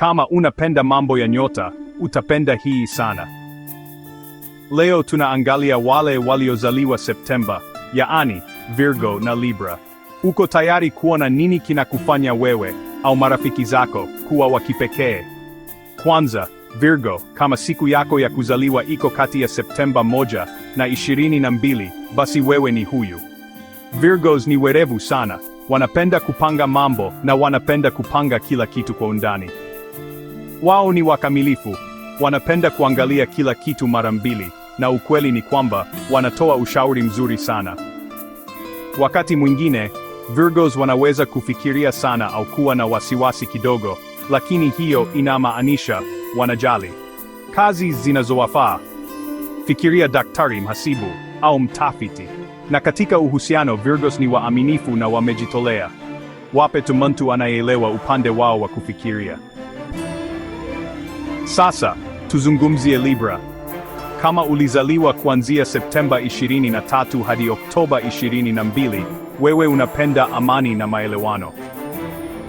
Kama unapenda mambo ya nyota, utapenda hii sana. Leo tunaangalia wale waliozaliwa Septemba, yaani Virgo na Libra. Uko tayari kuona nini kinakufanya wewe au marafiki zako kuwa wa kipekee? Kwanza, Virgo, kama siku yako ya kuzaliwa iko kati ya Septemba moja na ishirini na mbili, basi wewe ni huyu. Virgos ni werevu sana, wanapenda kupanga mambo na wanapenda kupanga kila kitu kwa undani. Wao ni wakamilifu, wanapenda kuangalia kila kitu mara mbili, na ukweli ni kwamba wanatoa ushauri mzuri sana. Wakati mwingine Virgos wanaweza kufikiria sana au kuwa na wasiwasi kidogo, lakini hiyo inamaanisha wanajali. Kazi zinazowafaa. Fikiria daktari, mhasibu au mtafiti. Na katika uhusiano, Virgos ni waaminifu na wamejitolea. Wape tu mtu anayeelewa upande wao wa kufikiria. Sasa tuzungumzie Libra. Kama ulizaliwa kuanzia Septemba 23 hadi Oktoba 22, wewe unapenda amani na maelewano.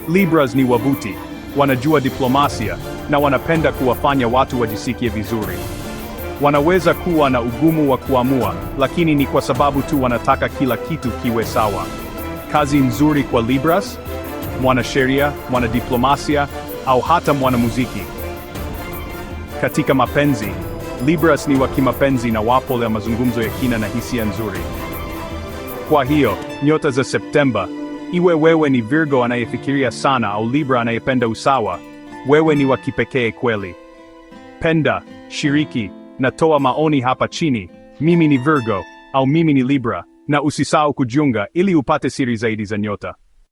Libras ni wavuti, wanajua diplomasia na wanapenda kuwafanya watu wajisikie vizuri. Wanaweza kuwa na ugumu wa kuamua, lakini ni kwa sababu tu wanataka kila kitu kiwe sawa. Kazi nzuri kwa Libras: mwanasheria, mwanadiplomasia au hata mwanamuziki. Katika mapenzi, Libras ni wa kimapenzi na wapo la mazungumzo ya kina na hisia nzuri. Kwa hiyo, nyota za Septemba, iwe wewe ni Virgo anayefikiria sana au Libra anayependa usawa, wewe ni wa kipekee kweli. Penda, shiriki na toa maoni hapa chini. Mimi ni Virgo au mimi ni Libra, na usisahau kujiunga ili upate siri zaidi za nyota.